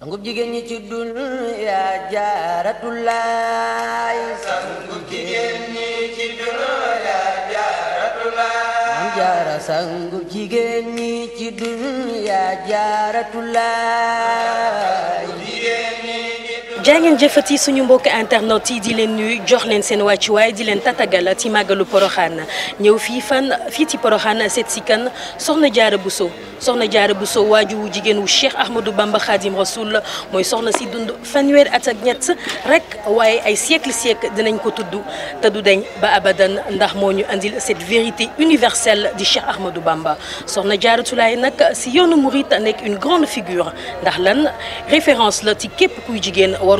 sangub jigéen ñi ci dunya jaaratullaay sangub jigéen ñi ci dunya jaaratullaay maam jaara sangub jigéen ñi ci dunya jaaratullaay jaa jeufati suñu mbokk internet yi di leen nuy jox leen seen way di leen tatagal ci magalu poroxane ñew fi fan fi ci poroxane set sikane soxna jaara Bousso soxna jaara Bousso waju wu jigéen wu Cheikh Ahmadou Bamba Khadim Rasoul moy soxna si dund fanweer at ak rek waaye ay siècle siècle dinañ ko tuddu te du deñ ba abadan ndax andil cette vérité universelle di Cheikh Ahmadou Bamba soxna jaara Tulaay nak si nous mouride nek une grande figure ndax lan référence la ci képp kuy jigen war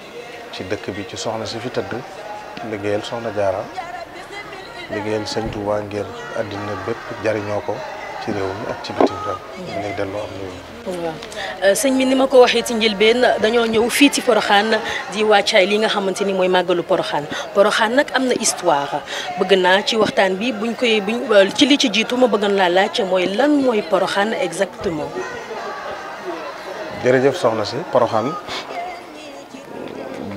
ci dëkk bi ci soxna si fi tëdd liggéeyal soxna jaara liggéeyal sëñ Tuubaa ngir àddina bépp jariñoo ko ci réew mi ak ci bitim réew ñu ngi delloo am nuyu waaw euh, sëñ bi ni ma ko waxee ci njëlbeen dañoo ñëw fii ci Porokhane di wàccaay li nga xamante ni mooy màggalu Porokhane Porokhane nag am na histoire bëgg naa ci waxtaan bi buñ koy buñ euh, ci li ci jiitu ma bëgg naa laaj mooy lan mooy Porokhane exactement jërëjëf soxna si Porokhane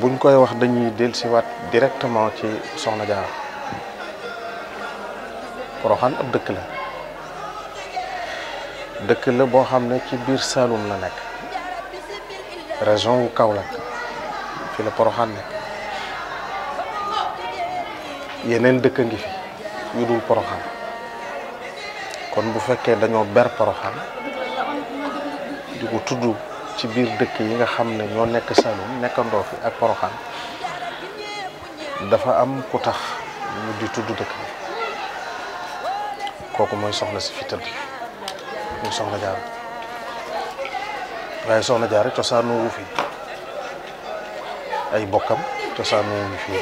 buñ koy wax dañuy delsi wat directement ci Soxna jaar Poroxaan ab dëkk la dëkk la boo xam ne ci biir Saloum la nekk région wu Kaolack fi la Poroxaan nekk yeneen dëkk ngi fi yu dul Poroxaan kon bu fekkee dañoo ber Poroxaan di ko tudd ci biir dëkk yi nga xam ne ñoo nekk Saloum nekkandoo fi ak Porokhane dafa am ku tax ñu di tudd dëkk kooku mooy soxla si fi mu muy soxna jaar waaye soxna jaar cosaanoowu fi ay bokkam cosaanoowu fi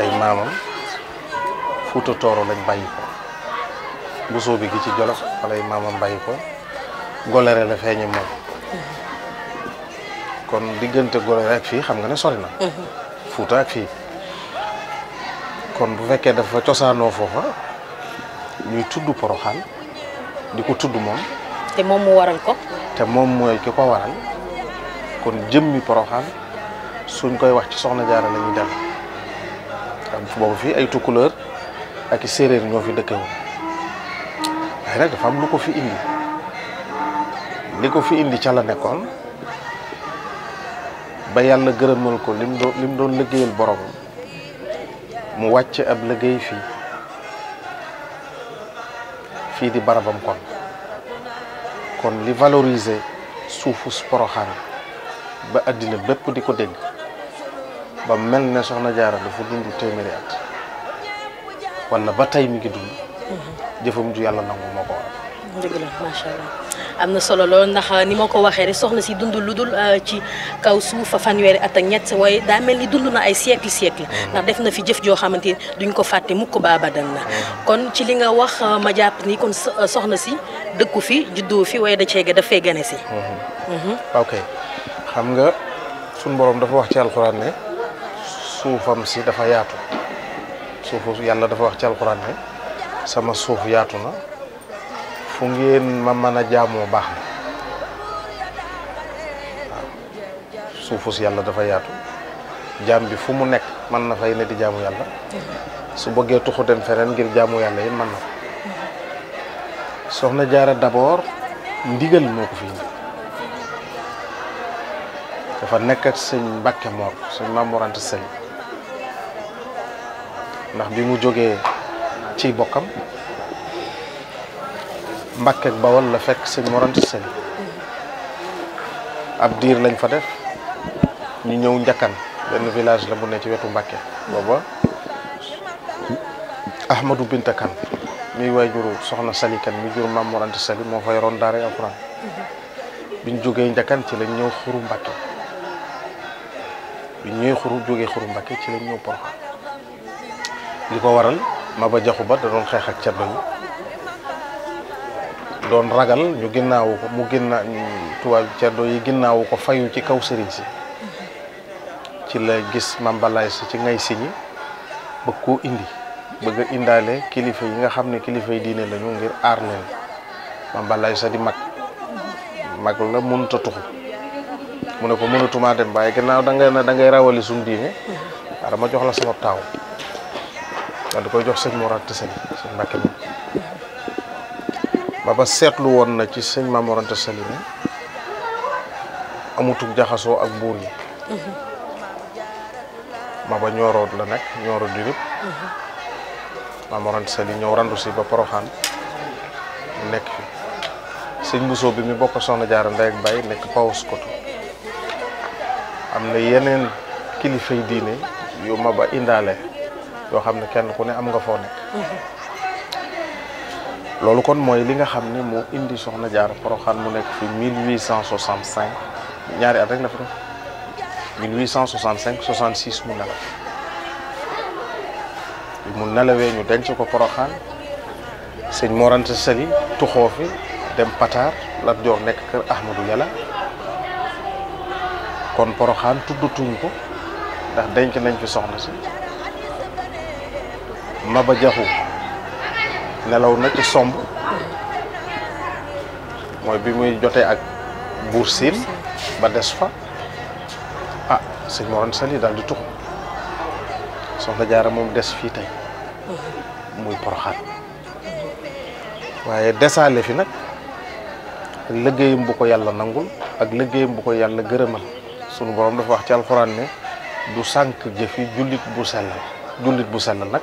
ay maamam Fuuta Tooro lañ bàyyi ko bu soobi gi ci Jolof wala ay maamam bàyyi ko golere la feeñe moom kon diggante golere ak fii xam nga ne sori na fuuta ak fii kon bu fekkee dafa cosaanoo foofa ñuy tudd poroxaan di ko tudd moom te moom mu waral ko te moom mooy ki ko waral kon jëmmi poroxaan suñ koy wax ci soxna jaara la ñuy dem am boobu fii ay tukkuleur ak i séeréer ñoo fi dëkkewu waaye nag dafa lu ko fi indi li ko fi indi ca la nekkoon ba yàlla gërëmal ko lim doon doon liggéeyal boromam mu wàcc ab liggéey fii fii di barabam kon kon li valorisé suufu Poroxaan ba àddina bépp di ko dégg ba mel na Soxna Jaara dafa dund téeméeri at wala ba tey mi ngi dund jëfam ju yàlla nangu moo ko waral. am na solo lool ndax ni ma ko waxee rek soxna si dund lu dul euh, ci kaw suuf fanweeri at ak ñett waaye daa mel ni dund na ay siècle siècle mm-hmm. ndax def na fi jëf joo xamante ni duñ ko fàtte mukk baa baabadan la mm-hmm. kon ci li nga wax euh, ma jàpp ni kon euh, soxna si dëkku fi juddoo fi waaye da ceege da fee gane si mm-hmm. ok xam nga suñ borom dafa wax ci alxuraan ne suufam si dafa yaatu suufu yàlla dafa wax ci alxuraan ne sama suuf yaatu na fu ngeen ma mën a jaamoo baax na suufus yàlla dafa yaatu jaam bi fu mu nekk mën na fay ne di jaamu yàlla su bëggee tuxu dem feneen ngir jaamu yàlla yi mën na ko soxna jaara d'abord ndigal moo ko fi indi dafa nekk ak sëñ Mbàkke Moor sëñ Maam Mor Anta Sali ndax bi mu jógee ci bokkam Mbàkke ak Bawol la fekk sëñ Mor Anta Sali ab diir lañ fa def ñu ñëw Njakkan benn village la bu ne ci wetu Mbàkke booba Ahmadou Binta mi miy waajuru soxna Sali Kan mi jur Maam Mor Sali moo fa yoroon daara alxuraan biñ jógee Njakkan ci lañ ñëw Xuru Mbàkke biñ ñëwee Xuru jógee Xuru Mbàkke ci lañ ñëw Porokhane li ko waral Maba Jaxu Ba da doon xeex ak ceddo yi Don ragal ñu ginnaw ko mu ginna tubaab ceddo yi ginnaw ko fayu ci kaw serigne ci ci la gis mambalay si ci ngay siñi bëgg ko indi bëgg indalé kilifa yi nga xamné kilifa yi diiné lañu ngir ar leen mambalay sa di mag mag la mënta tuxu mu ne ko mënatuma dem baye ginnaaw da ngay da ngay rawali suñu diine dama jox la sama taw da ko jox sëñ mourad tassane ba seetlu woon na ci sëñ Maam Mor Sali ne amutug jaxasoo ak buur yi Maba mm-hmm. ñooroot la nekk ñooro dirib mm-hmm. Maam Mor Sali ñëw randu si ba Poroxaan nekk fi sëñ Bousso bi mi bokk soxna jaara ndey ak baay nekk Paos Koto am na yeneen kilifay diine yu Maba indaale yoo xam ne kenn ku ne am nga foo nekk mm-hmm. loolu kon mooy li nga xam ne moo indi soxna jaar Porokhane mu nekk fi 1865 ñaari at rek na fi def 1865 66 mu nelaw mu nelawee ñu denc ko Porokhane sëñ Mor Anta Sali fi dem Pataar Lat Joor nekk kër Ahmadou kon Porokhane tuddatuñ ko ndax denc nañ fi soxna si Maba Jaxu nelaw na ci somb mooy bi muy jotee ak buur siin ba des fa ah si Mor Sali daal di tuxu soxna jaaree moom des fii tey muy poroxaan waaye desaale fi nag liggéeyam bu ko yàlla nangul ak liggéeyam bu ko yàlla gërëmal sunu borom dafa wax ci alxuraan ne du sànq jëfi jullit bu sellal jullit bu sellal nag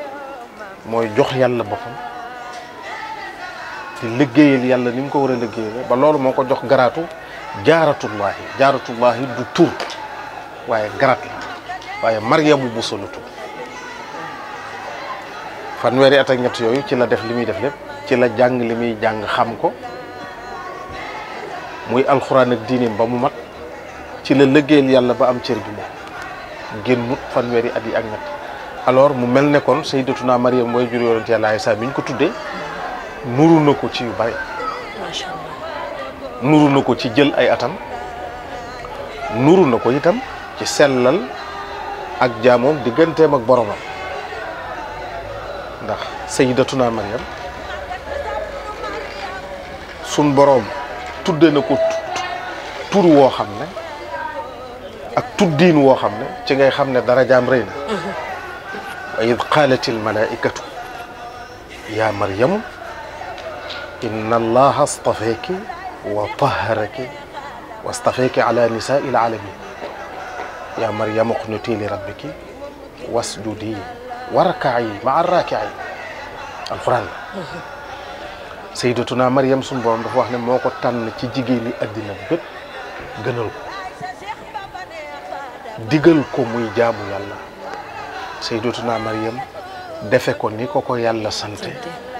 mooy jox yàlla boppam di liggéeyal yàlla ni mu ko war a liggéeyal ba loolu moo ko jox garaatu jaaratullaahi jaaratullaahi du tur waaye garaat la waaye maryamu bu la tur fanweeri at ak ñett yooyu ci la def li muy def lépp ci la jàng li muy jàng xam ko muy alxuraan ak diineem ba mu mat ci la liggéeyal yàlla ba am cër bi moom génnut fanweeri at yi ak ñett alors mu mel ne kon Sayyidatuna Mariam mooy jur yonent Yàlla Isaa mi ñu ko tuddee nuru na ko ci yu bari macha nuru na ko ci jël ay atam nuru na ko itam ci sellal ak jaamoom digganteem ak boromam ndax Sayyidatuna Mariam sun borom tudde na ko tur woo xam ne ak tuddiin woo xam ne ci ngay xam ne dara jaam rëy na mhm. وإذ قالت الملائكة يا مريم إن الله اصطفيك وطهرك واصطفيك على نساء العالمين يا مريم اقنتي لربك واسجدي واركعي مع الراكعي القرآن سيدتنا مريم سنبون رفوحنا موقو تان تي لي ادنا بيت غنل ديغل كو موي جامو يالله Sayyidatuna Maryam defe ko ni ko ko yàlla sante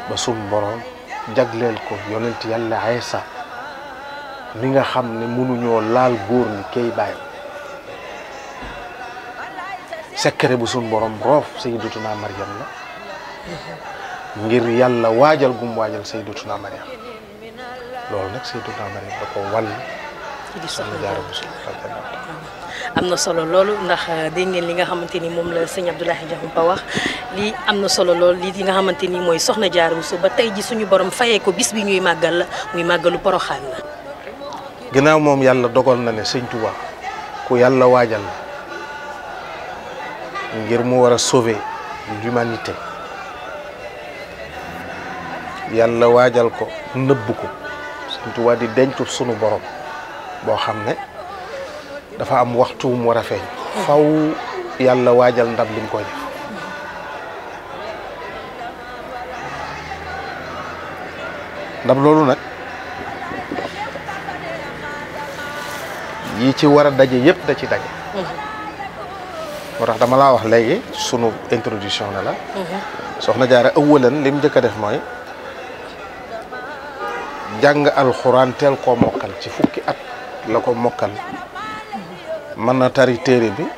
ba sum boroom jagleel ko yonent yàlla Iisaa mi nga xam ne mënuñoo laal góor ni kay bàyyi sekkere bu sum boroom roof Sayyidatuna Maryam la ngir yàlla waajal gum waajal Sayyidatuna Maryam loolu nag Sayyidatuna Maryam da ko wàll sama jaara bu sum am na solo loolu ndax euh, dégg ngeen li nga xamante ni moom la sëñ Abdoulaye Diakhoumpa wax lii am na solo lool lii di nga xamante ni mooy soxna bu Bousso ba tey ji suñu borom fayee ko bis bi ñuy màggal la muy màggalu Poroxaan la. ginnaaw moom yàlla dogal na ne sëñ Touba ku yàlla waajal la ngir mu war a sauver l'humanité yàlla waajal ko nëbb ko sëñ Touba di dencu sunu borom boo xam ne. dafa am waxtu mu wara feñ faw yalla wajal ndam lim ko def ndam lolu nak yi ci wara dajje yep da ci dajje moo dama la wax legi sunu introduction na la soxna jaara ëwwalan lim jëk def moy jang alquran tel ko mokal ci fukki at lako mokal mën na tari téere bi mhm.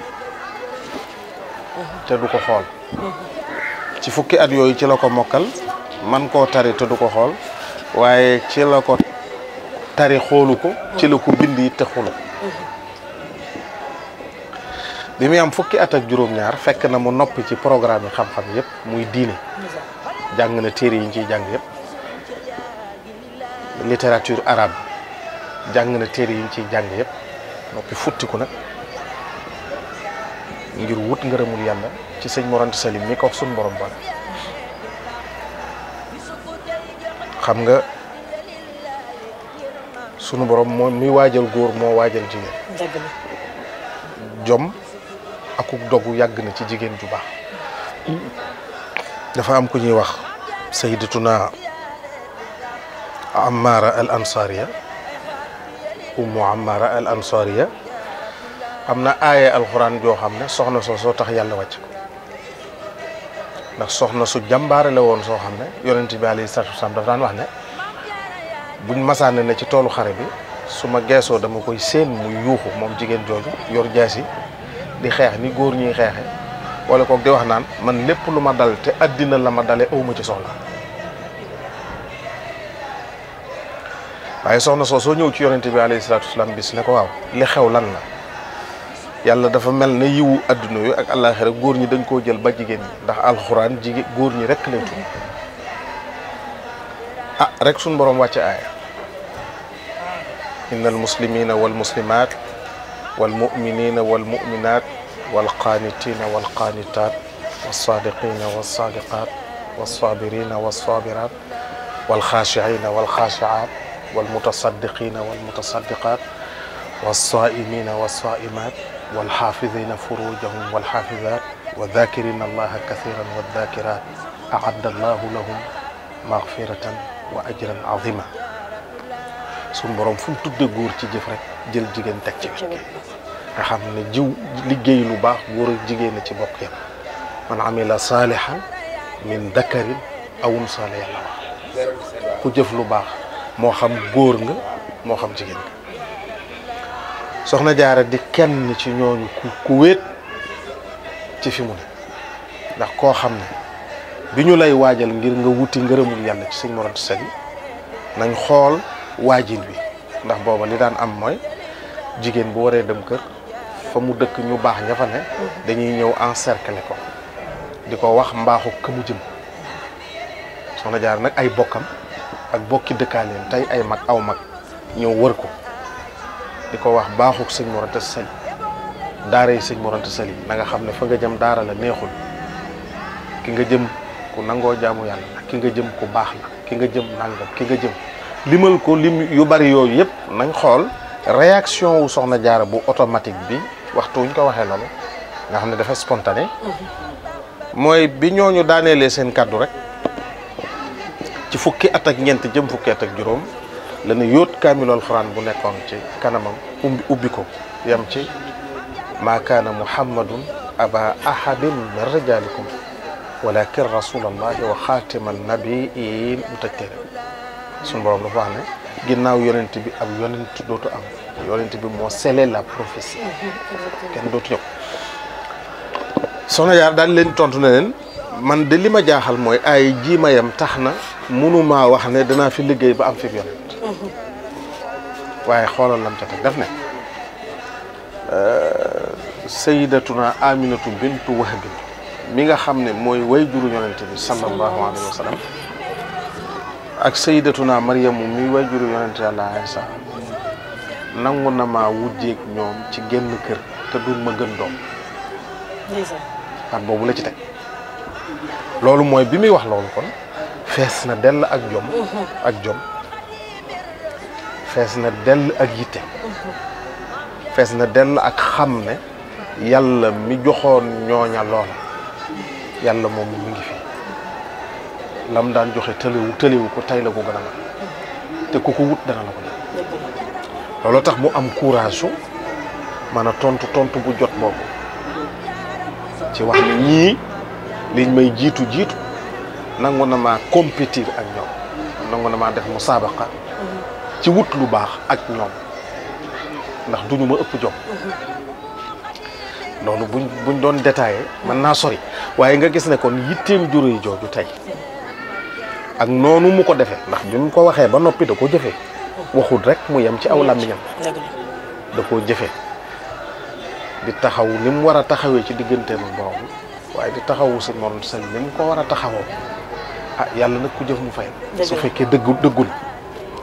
te du ko xool mhm. ci fukki at yooyu ci la ko mokkal man koo tari te du ko xool waaye ci la ko tari xoolu ko ci la ko bind yi te xoolu mhm. bi muy am fukki at ak juróom-ñaar fekk na mu noppi ci programme yi xam-xam yëpp muy diine jàng na téere yi ñu ciy jàng yëpp littérature arabe jàng na téere yi ciy jàng yëpp noppi futtiku nag ngir wut ngërëmul yàlla ci sëñ Mor Anta Saly mi ko wax suñu borom ba xam nga sunu borom moo mi waajal góor moo waajal jigéen. dëgg la jom akuk dogu yàgg na ci jigéen ju baax. dafa am ku ñuy wax sayyidatuna Ammaara al Ansaariya ummu Ammaara al Ansaariya am na aaye alxuraan joo xam ne soxna soo soo tax yàlla wàcc ndax soxna su jàmbaare la woon soo xam ne yonent bi alayhi salaatu wasalaam dafa daan wax ne buñ masaane ne ci toolu xare bi su ma geesoo dama koy séen mu yuuxu moom jigéen jooju yor jaas yi di xeex ni góor ñuy xeexe wala kook di wax naan man lépp lu ma dal te àddina la ma dale awma ci soxla waaye soxna soo soo ñëw ci yonent bi alayhi salaatu wasalaam bis ne ko waaw li xew lan la yalla dafa melni yiwu ادنو yu ak allah rek goor ñi dañ ko jël ba jigen ndax alquran jige goor ñi rek lay tu ah rek sun borom ان المسلمين والمسلمات والمؤمنين والمؤمنات والقانتين والقانتات والصادقين والصادقات والصابرين والصابرات والخاشعين والخاشعات والمتصدقين والمتصدقات والصائمين والصائمات والحافظين فروجهم والحافظات وذاكرين الله كثيرا والذاكرات أعد الله لهم مغفرة وأجرا عظيما سنبرم فم تد غور تي جيف رك جيل جيجن تك تي ورك رحم ني جيو ليغي غور جيجين تي من عمل صالحا من ذكر او انثى الله كو جيف لو باخ مو غور nga مو soxna jaara di kenn ci ñooñu ku ku ci fi mu ne ndax koo xam ne bi ñu lay waajal ngir nga wuti ngërëmul yàlla ci sëñ moronte sali nañ xool waajin wi ndax booba li daan am mooy jigéen bu waree dem kër fa mu dëkk ñu baax ña ne dañuy ñëw encercler ko di ko wax mbaaxu ka mu jëm soxna jaar nag ay bokkam ak bokki dëkkaaleen tey ay mag aw mag ñëw wër ko di ko wax baaxuk sëñ Mor Anta daara yi sëñ Mor Anta Sali na nga xam ne fa nga jëm daara la neexul ki nga jëm ku nangoo jaamu yàlla la ki nga jëm ku baax la ki nga jëm nangam ki nga jëm limal ko lim yu bari yooyu yëpp nañ xool réaction wu soxna jaara bu automatique bi waxtu wuñ ko waxee loolu nga xam ne dafa spontané mooy bi ñooñu daaneelee seen kàddu rek ci fukki at ak ñeent jëm fukki at ak juróom la ñu yóot kaamil alxuraan bu nekkoon ci kanamam ubbi ubbi ko yam ci maa kaana muhammadun aba ahadin min rijaalikum walakin rasulallahi wa xaatimal nabiin mu tëj téere suñu borom dafa wax ne ginnaaw yonent bi am yonent dootu am yonent bi moo scellé la prophétie kenn dootu ñëw soxna yaar daal leen tontu ne leen man de li ma jaaxal mooy ay jiimayam tax na mënumaa wax ne danaa fi liggéey ba am fi yoon waaye xoolal lam ca teg daf ne euh, sayidatuna aminatu bintu wahbin mi nga xam ne mooy way juru yonente bi sallallahu alayhi wa sallam ak sayidatuna maryamu mi way juru yonente yàlla Isa nangu na maa wujjeeg ñoom ci genn kër te du ma gën doom baat boobu la ci teg loolu mooy bi muy wax loolu kon fees na dell ak jom uhuh. ak jom fees na dell ak yitte fees na dell ak xam ne yàlla mi joxoon ñooña loola yàlla moom mu ngi fi lam daan joxe tëliwu tëliwu ko tey la ko gën a te ku ko wut dana la ko def loolu tax mu am courage su man a tontu tontu bu jot boobu ci wax ni ñii liñ may jiitu jiitu nangu na maa compétir ak ñoom nangu na maa def musaabaqa ci wut lu baax ak ñoom ndax duñu ma ëpp jom noonu bu buñ doon détaillé mën naa sori waaye nga gis ne kon yitteem juróoy jooju tey ak noonu mu ko defee ndax bi mu ko waxee ba noppi da koo jëfee waxul rek mu yem ci aw làmmiñam da koo jëfee di taxaw ni mu war a taxawee ci digganteem borom waaye di taxawu sa morom sëñ ni mu ko war a taxawoo ah yàlla nag ku jëf mu fay su fekkee dëggu dëggul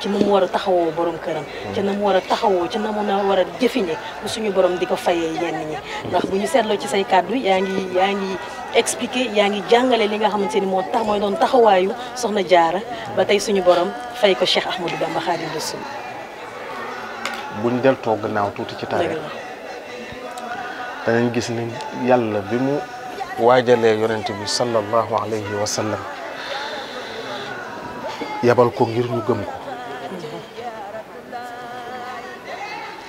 ci na mu war a taxawoo boroom këram ci na mu war a taxawoo ci na mu na war a jëfiñe bu suñu borom di ko fayee yenn ñi ndax bu ñu seetloo ci say kàddu yaa ngi yaa ngi expliqué yaa ngi jàngale li nga xamante ni moo tax mooy doon taxawaayu soxna jaara ba tey suñu borom fay ko Cheikh Ahmadou Bamba Khadim Rasoul buñ deltoo gannaaw tuuti ci taarix danañ gis ni yàlla bi mu waajalee yonent bi sallallahu alayhi wa sallam yabal ko ngir ñu gëm ko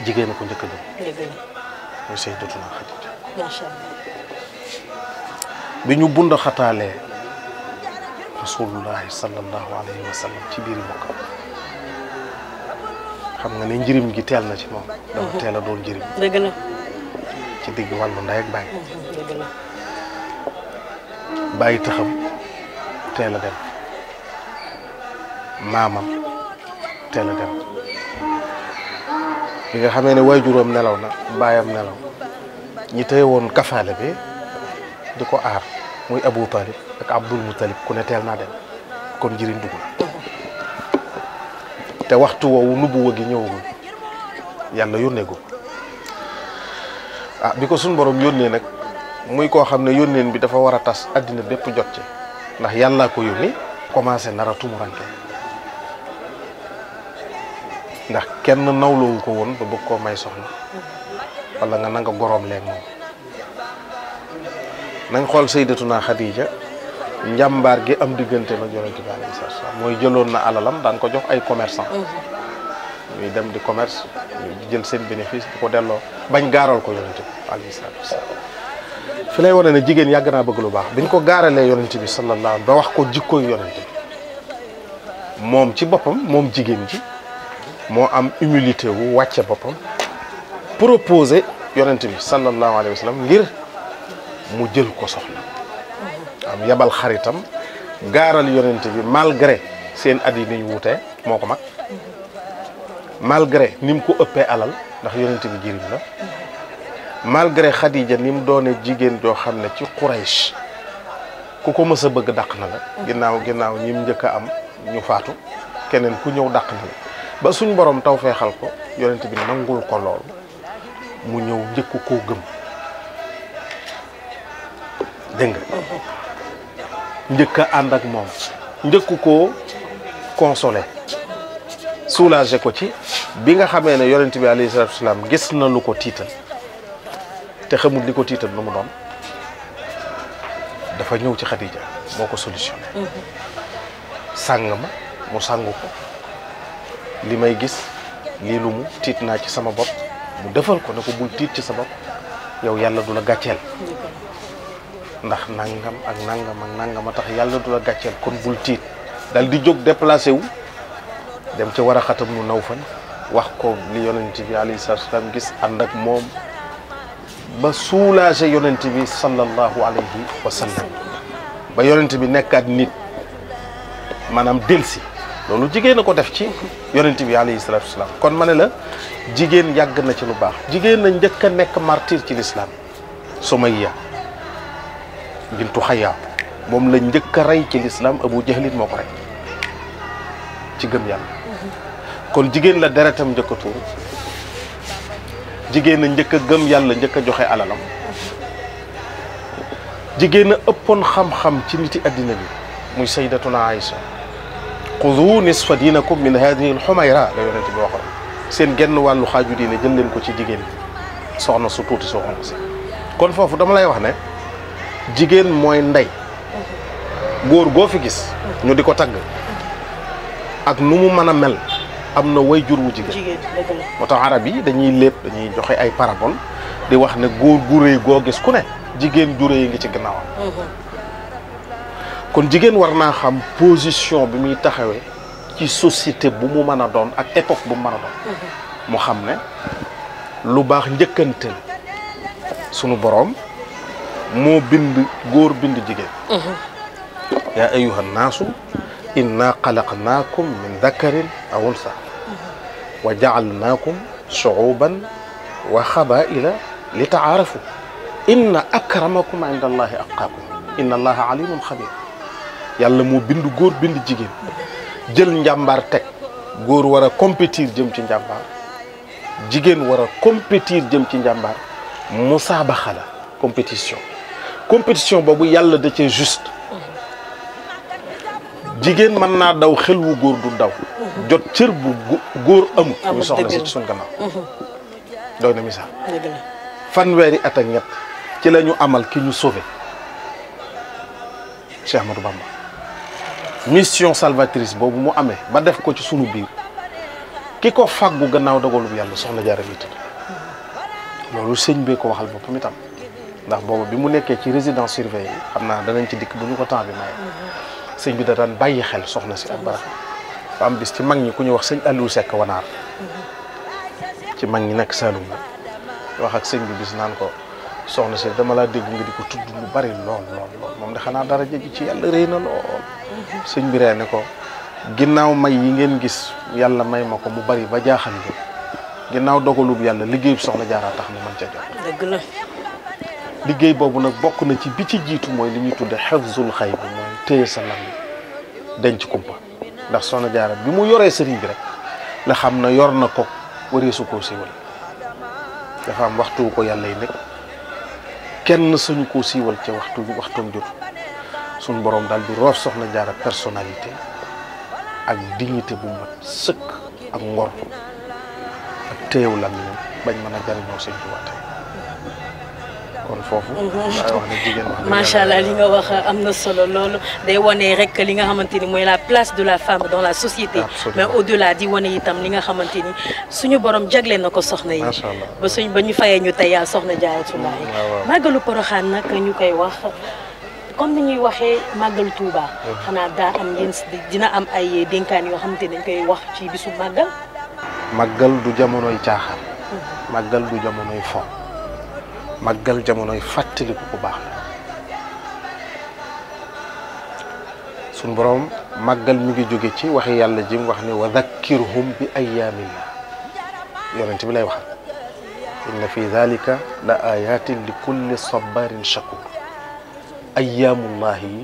jigéen ko njëkk a gëm. dëgg la. bi ñu bund xataalee rasulullahi sallallahu alayhi wa ci biir mbokkam xam nga ni njëriñ gi teel na ci moom. dafa mhm. teel a doon njëriñ. ci digg wàllu ndey ak bàyyi. bàyyi taxam teel a dem maamam teel a dem. bi nga xamee ne waajuram nelaw na baayam nelaw ñi téye woon kafaale bi di ko aar muy Abu Talib ak Abdul Mutalib ku ne teel naa dem kon njëriñ dugg na te waxtu woowu nubuwa gi ñëwagul yàlla yónnee ko ah bi ko suñ borom yónnee nag muy koo xam ne yónneen bi dafa war a tas àddina bépp jot ci ndax yàllaa ko yónni commencé nara tumuranke ndax kenn nawloowu ko woon ba bëgg koo may soxna wala nga nanga goroom leen moom nañ xool sayyidatuna Xadiija njàmbaar gi am diggante la yonente mooy jëloon na alalam daan ko jox ay commerçant mhm. ñuy dem di commerce di jël seen bénéfice di ko delloo bañ gaaral ko yonente bi alayhi ne jigéen yàgg naa bëgg lu baax bi ñu ko gaaralee yonent bi sallallahu ba wax ko jikkoy yonent bi moom ci boppam moom jigéen ji moo am humilité wu wàcce boppam proposé yonent bi sallallahu alayhi wa sallam ngir mu jël ko soxna am yabal xaritam gaaral yonent bi malgré seen at yi ñu wutee moo ko mag malgré ni mu ko ëppee alal ndax yonent bi jëriñ la malgré Xadija ni mu doone jigéen joo xam ne ci Quraysh ku ko mës a bëgg daq na la ginnaaw ginnaaw ñi mu njëkk a am ñu faatu keneen ku ñëw dàq na la ba suñ borom taw feexal ko yonent bi nangul ko lool mu ñëw njëkku koo gëm nga njëkk a ànd ak moom njëkku koo consolé soulagé ko ci bi nga xamee ne yonent bi alayhi salaatu wasalaam gis na lu ko tiital te xamul li ko tiital lu mu doon dafa ñëw ci Xadija moo ko solutionné mm-hmm. sàng ma mu sàngu ko li may gis lii lu mu tiit naa ci sama bopp mu defal ko na ko bul tiit ci sa bopp yow yàlla du la gàcceel ndax nangam ak nangam ak nangam a tax yàlla du la gàcceel kon bul tiit dal di jóg déplacé wu dem ca war a xatam nu naw fan wax ko li yonent bi alayhi salaatu gis ànd ak moom ba soulagé yonent bi sallallahu alayhi wa sallam ba yonent bi nekkaat nit maanaam delsi loolu jigéen a ko def ci yonent bi alayhi salaatu wasalaam kon ma ne la jigéen yàgg na ci lu baax jigéen na njëkk a nekk martyr ci lislaam Sumayya bintu Xayaam moom la njëkk rey ci lislaam Abu Jahlin moo ko rey ci gëm yàlla kon jigéen la deretam njëkk a jigéen a njëkk a gëm yàlla njëkk a joxe alalam jigéen a ëppoon xam-xam ci niti àddina bi muy sayyidatuna Aïcha خذوا نصف دينكم من هذه الحميرة سين جن والو خاجو دين جن لين كو جيجين سوخنا سوتوتي سوخنا سي كون فوفو دام لاي واخ نه جيجين موي نداي غور غو في غيس ني ديكو تاغ اك نومو مانا مل امنا واي جور جيجين موتا عربي دانيي ليب دانيي جوخي اي بارابول دي واخ غور غوري غو غيس كو جيجين دوري ييغي سي غناوا kon jigéen war naa xam position bi muy taxawee ci société bu mu mën a doon ak époque bu mu mën a doon mu xam ne lu baax njëkkantel sunu boroom moo bind góor bind jigéen yaa ayuha naasu inna xalaqnaakum min dakarin aw unsa wa jaalnaakum shuuban wa xabaila li taarafu inna akramakum inda allahi atqaakum inna allaha alimun xabir yalla mo bindu goor bindu jigen djel njambar tek goor wara a compétir jëm ci njambar jigen wara a compétir jëm ci njambar musaabaxa la compétition compétition boobu yalla da ci juste jigen man na daw xel wu goor du daw jot cër bu goor amul ah, muy soxna si suñ gannaaw mhm. doy na misaal fanweeri at ak ñet ci lañu amal ki ñu sauver Cheikh amadou Bamba mission salvatrice boobu mu amee ba def ko ci sunu biir ki ko fàggu gannaaw dogalub yàlla soxna Jaara mi tudd loolu sëñ bee ko waxal boppam itam ndax boobu bi mu nekkee ci résidence surveillée xam naa danañ ci dikk bu ñu ko temps bi maye sëñ bi da daan bàyyi xel soxna si ak ba am bis ci mag ñi ku ñu wax sëñ Aliou Seck wanaar ci mag ñi nekk Saloum la wax ak sëñ bi bis naan ko soxna si dama laa dégg nga di ko tudd lu bari lool lool moom de xanaa dara jéggi ci na lool. sëñ ree ne ko ginnaaw may yi ngeen gis yàlla may ma ko mu bari ba jaaxal ko ginnaaw dogalub yàlla liggéey soxla jaara tax ma man ca jot. dëgg liggéey boobu nag bokk na ci bi ci jiitu mooy li ñuy tudde xefzul xay bi mooy téye sa lam denc kumpa ndax soxna jaara bi mu yoree sëriñ bi rek la xam na yor na ko wareesu ko siiwal dafa am waxtu ko yàlla yi nekk kenn suñu ko siiwal ca waxtu waxtoom jot suñu borom dal di roof soxna jaara personnalité ak dignité bu mat sëkk ak ngor ak téyew làmmiñam bañ mën a jariñoo seen jiwaate kon foofu. Mhm. daay wax ne jigéen wax macha allah li nga wax am na solo loolu day wane rek li nga xamante ni mooy la place de la femme dans la société. mais au delà di wane itam li nga xamante ni suñu borom jagleel na ko soxna yi. ba suñ ba ñu fayee ñu tey soxna jaaratu laay. Mm, màggalu poroxaan nag ñu koy wax. كم دنيا وحى ما قلت توبة أنا دا أم ينس دينا أم أي دين كان يوهم تنين كي وح شيء بسوب ما قال ما قال دوجا منو يجاهر ما قال دوجا منو يفا ما قال جمنو يفتلي كوبا سن برام ما قال ميجي جوجي وحى يالله جيم وحى وذكرهم بأيام الله يوم انتبه لا يوحى إن في ذلك لآيات لكل صبار شكور ayyaamullahi yi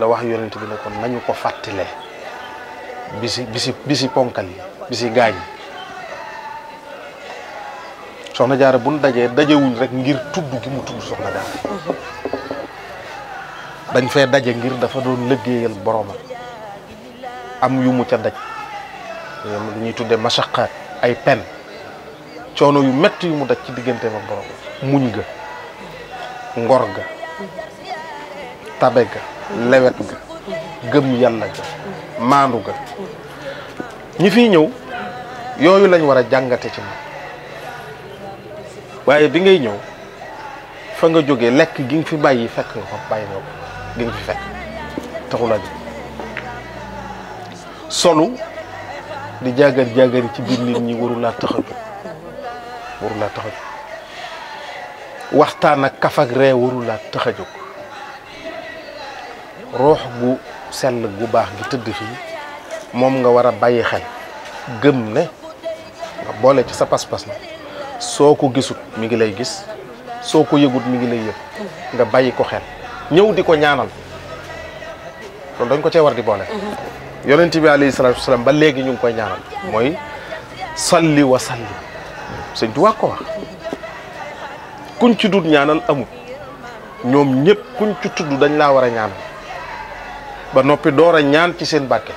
la wax yonent bi ne kon nañu ko fàttile bisi bisi bisi ponkal yi bisi gaañ soxna jaara buñ dajee dajewuñ rek ngir tudd gi mu tudd soxna jaara dañ fee daje ngir dafa doon liggéeyal boromam am yu mu ca daj lu ñuy tudde masaqaat ay pen coono yu metti yu mu daj ci digganteem ak muñ ga ngor ga tabe ga lewet ga gëm yàlla ga maandu ga ñi fiy ñëw yooyu lañ war a jàngate ci moom waaye bi ngay ñëw fa nga jóge lekk gi nga fi bàyyi fekk nga ko bàyyi nga gi nga fi fekk taxul a solu di jaagar jaagari ci biir nit ñi waru laa tax a jóg waru a jóg waxtaan ak kaf ree waru laa tax a jóg roh gu sel gu bax gi teud fi mom nga wara baye xel gem ne nga boole ci sa pass pass soko gisut mi ngi lay gis soko yegut mi ngi lay yeb nga baye ko xel ñew di ñaanal loolu dañ ko ci war di boole mhm. yaronte bi alayhi salaatu wasalaam ba léegi ñu koy ñaanal moy salli wa salli sëñ Tuubaa ko wax kuñ ci dut ñaanal amu ñom kuñ ci tuddu dañ la wara ñaanal ba noppi door a ñaan ci seen barke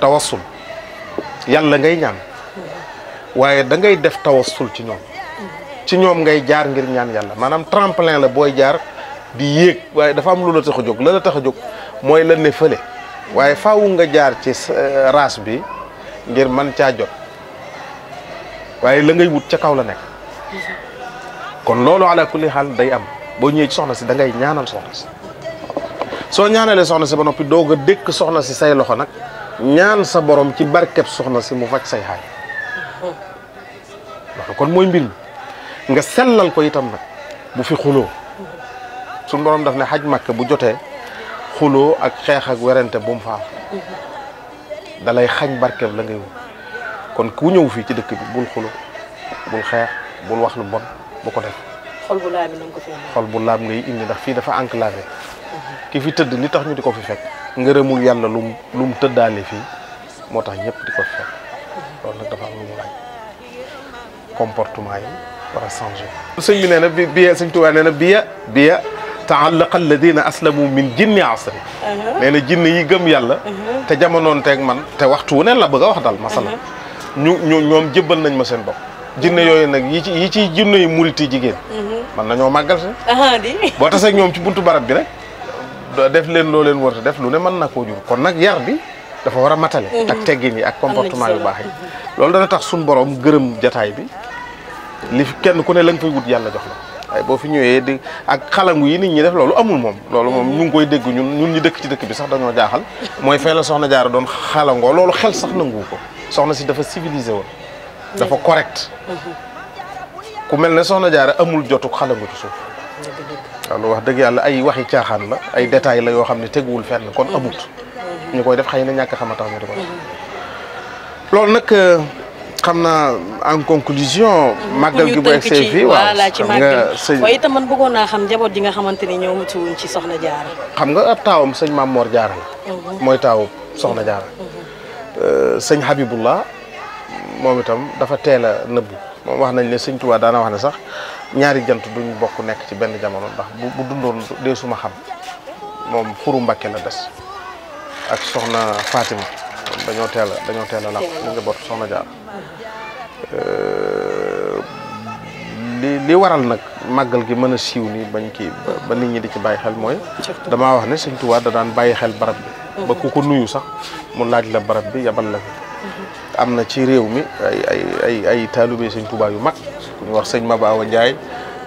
tawassul yàlla ngay ñaan waaye dangay ngay def tawassul ci ñoom ci ñoom ngay jaar ngir ñaan yàlla maanaam tremplin la booy jaar di yéeg waaye dafa am lu tax a jóg la tax a jóg mooy la ne fële waaye faawu nga jaar ci euh, raas bi ngir man caa jot waaye la ngay wut ca kaw la nekk kon loolu ala kulli xaal day am boo ñëwee ci soxna si dangay ñaanal soxna si soo ñaanee ñaanalee soxna si ba noppi doog a dékk soxna si say loxo nag ñaan sa boroom ci barkeb soxna si mu faj sa xaaj kon mooy mbir mi nga sellal ko itam nag bu fi xuloo suñ borom daf ne xaj màkk bu jotee xuloo ak xeex ak werante bu mu faam dalay xañ barkeb la ngay wut kon ku ñëw fii ci dëkk bi bul xuloo bul xeex bul wax lu bon bu ko def xol bu laab ngay indi ndax fii dafa enclavé kii fi tëdd li tax ñu di ko fi fekk ngërëmul yàlla lu mu lu mu tëddaale fii moo tax ñëpp di ko fi fekk loolu nag dafa am lu mu laaj comportement yi war a changé. sëñ bi nee na bi biya sëñ Tuubaa nee na biya biya taallaqa alladina aslamu min jinni asri uh-huh. nee na jinn yi gëm yàlla. Uh-huh. te jamonoon teeg man te waxtu wu ne la bëgg wax daal masala uh-huh. ñu ñu ñoom jébbal nañ ma seen bopp. jinne yooyu nag yi ci yi ciy jinne yi murit yi jigéen. man nañoo màggal si. boo tasee ak ñoom ci buntu barab bi rek. def leen loo leen war a def lu ne mën na koo jur kon nag yar bi dafa war a matale. Mhm. ak teggin yi ak comportement yu baax yi. loolu dana tax suñu borom gërëm jataay bi li kenn ku ne lañ koy wut yàlla jox la waaye boo fi ñëwee di ak xalangu yi nit ñi def loolu amul moom. loolu moom ñu ngi koy dégg ñun ñun ñi dëkk ci dëkk bi sax dañoo jaaxal. mooy fee la soxna jaara doon xalangoo loolu xel sax nanguwu ko soxna si dafa civilisé woon. dafa correct. Mhm. ku mel ne soxna jaara amul jotuk xalangu suuf. loolu wax dëgg yàlla ay waxi caaxaan la ay détails la yoo xam ne teguwul fenn kon amut mm-hmm. ñu koy def xëy na ñàkk xama tax ñu di ko loolu nag euh, xam naa en conclusion. Mm-hmm. màggal gi bu egsee fii waaw xam nga sëñ waaye itam man bëggoon naa xam njaboot ji nga xamante ni ñëw mucc wuñ ci soxna jaara xam nga ab taawam sëñ Maam Mor Jaara la. Mm-hmm. mooy taawu soxna jaara euh, sëñ Habibullah moom itam dafa teel a nëbbu. wax nañ ne touba da na wax ne sax ñaari jant duñ bokk nek ci benn jamono ndax bu bu dundoon suma xam mom furu Mbàkke la dess ak soxna Fatima dañu tel, dañu tel la ñu làq nga bot soxna jaar euh, li li waral nak magal gi mën siiw bañ ki ba nit ñi di ci bàyyi xel moy dama wax ne seigne touba da daan bàyyi xel barab bi ba ku ko nuyu sax mu laaj la barab bi yabal la am na ci réew mi ay ay ay ay taalube sëñ Touba yu mag ku ñu wax sëñ baaw a njaay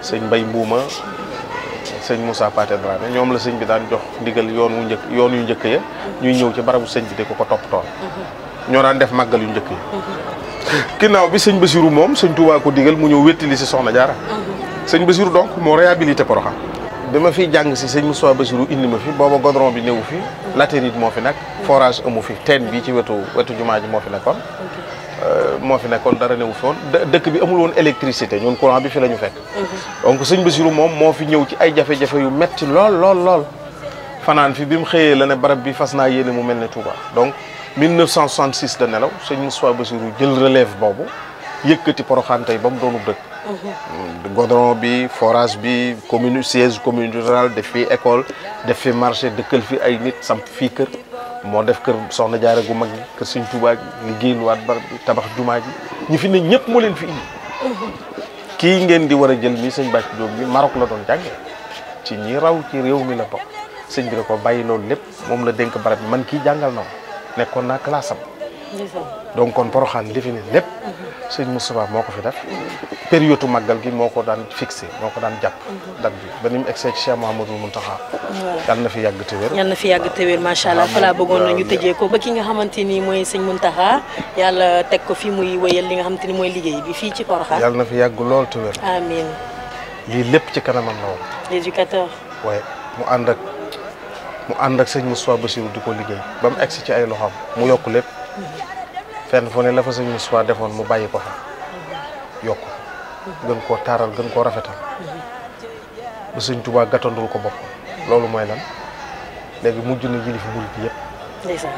sëñ Mbay Mbuuma sëñ Moussa Paté Dramé ñoom la sëñ bi daan jox ndigal yoon wu njëkk yoon yu njëkk ya ñuy ñëw ci barabu sëñ bi de ko ko toppatoon ñoo daan def màggal yu njëkk yi ginnaaw bi sëñ Basiru moom sëñ Touba ko digal mu ñëw li si soxna jaara sëñ Basiru donc moo réhabilité Porokhane bi ma fiy jàng si sëñ Moussa Bassirou indi ma fi booba godron bi newu fi latérite mo fi nak forage amu fi teen bi ci wetu wetu jumaa ji moo fi euh mo fi nekkoon dara newu fi woon bi amul won électricité ñun courant bi fi lañu fekk donc seigne Bassirou mom mo fi ñew ci ay jafé jafé yu metti lool lool lool fanaan fi bi xeyé la né barab bi fas naa mu melni Touba donc 1966 de nelaw seigne Moussa Bassirou jël relève boobu yëkkati poroxantay bam ba mu Euh, goudron bi forage bi commune siège commune rurale def fi école def fi marché dëkkal fi ay nit samp fii kër moo def kër soxna jaare gu mag ñi kër Sëñ Tuubaa liggéey lu waat bar tabax jumaa ji ñu fi ne ñëpp moo leen fi indi kii ngeen di war a jël nii sëñ Bàcc Jóob bi Maroc la doon jànge ci ñi raw ci réew mi la bokk sëñ bi da ko bàyyi loolu lépp moom la dénk barab bi man kii jàngal na nekkoon naa classe am donc kon poroxaan li fi ne lepp sëñ Moustapha moko fi def période magal gi moko Dan fixer moko dan japp dag bi ba ni ci Cheikh Mouhamadou Mountakha yalla na fi yag te wér na fi yag te ma sha allah fala laa bëggoon na ñu tëjee ko ba ki nga xamanteni moy mooy sëñ yalla tek ko fi muy wéyal li nga xamanteni moy mooy liggéey bi fi ci poroxaan yalla na fi yag lool te wér amiin lii lépp ci kanamam la woon éducateur ouais mu ànd ak mu ànd ak sëñ Bassirou diko liggéey ba ci ay loxam mu yok lepp fenn fu ne la fa sëñ Moustapha defoon mu bàyyi ko fa yokk gën koo taaral gën koo rafetal ba sëñ Tuubaa gàttandul ko bopp loolu mooy lan léegi mujj na jilifi murit bi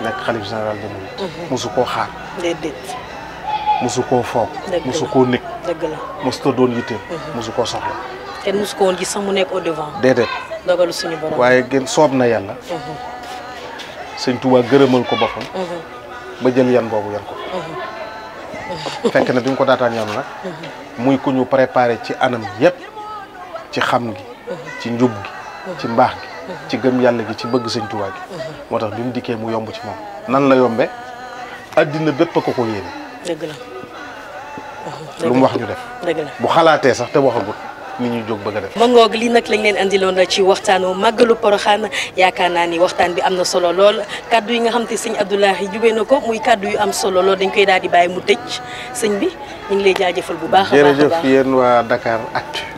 nekk xalif général de murit mosu koo xaar déedéet mosu koo foog mosu koo nekk dëgg la mosu ta doon yitteem mhm. mosu koo soxla te mosu ko woon gis sax mu nekk au devant déedéet waaye gën soob na yàlla mhm. sëñ Tuubaa gërëmal ko boppam mhm. ba jël yan boobu yan ko fekk na bi mu ko daataan yanu nag muy ku ñu préparé ci anam yépp ci xam gi ci njub gi ci mbaax gi ci gëm yàlla gi ci bëgg sëñ Tuubaa gi moo tax bi mu dikkee mu yomb ci moom nan la yombe addina bépp a ko ko yéene lu mu wax ñu def bu xalaatee sax te waxagut li ñu jóg bëgg def. ma ngoog lii nag lañ leen indiloon andiloon ci waxtaanu màggalu poroxaan yaakaar naa ni waxtaan bi am na solo lool kaddu yi nga xam te sëñ Abdoulahi jubee na ko muy kàddu yu am solo lool dañ koy daal di bàyyi mu tëj sëñ bi ñu ngi lay jaajëfal bu baax a baax jërëjëf waa Dakar ak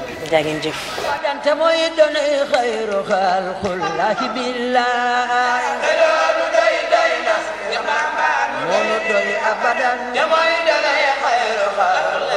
jaa ngeen jëf danta mooy doonay xayru xalqullahi billah loolu doy doy na moonu doy abadan te mooy doonay xayru xalqullahi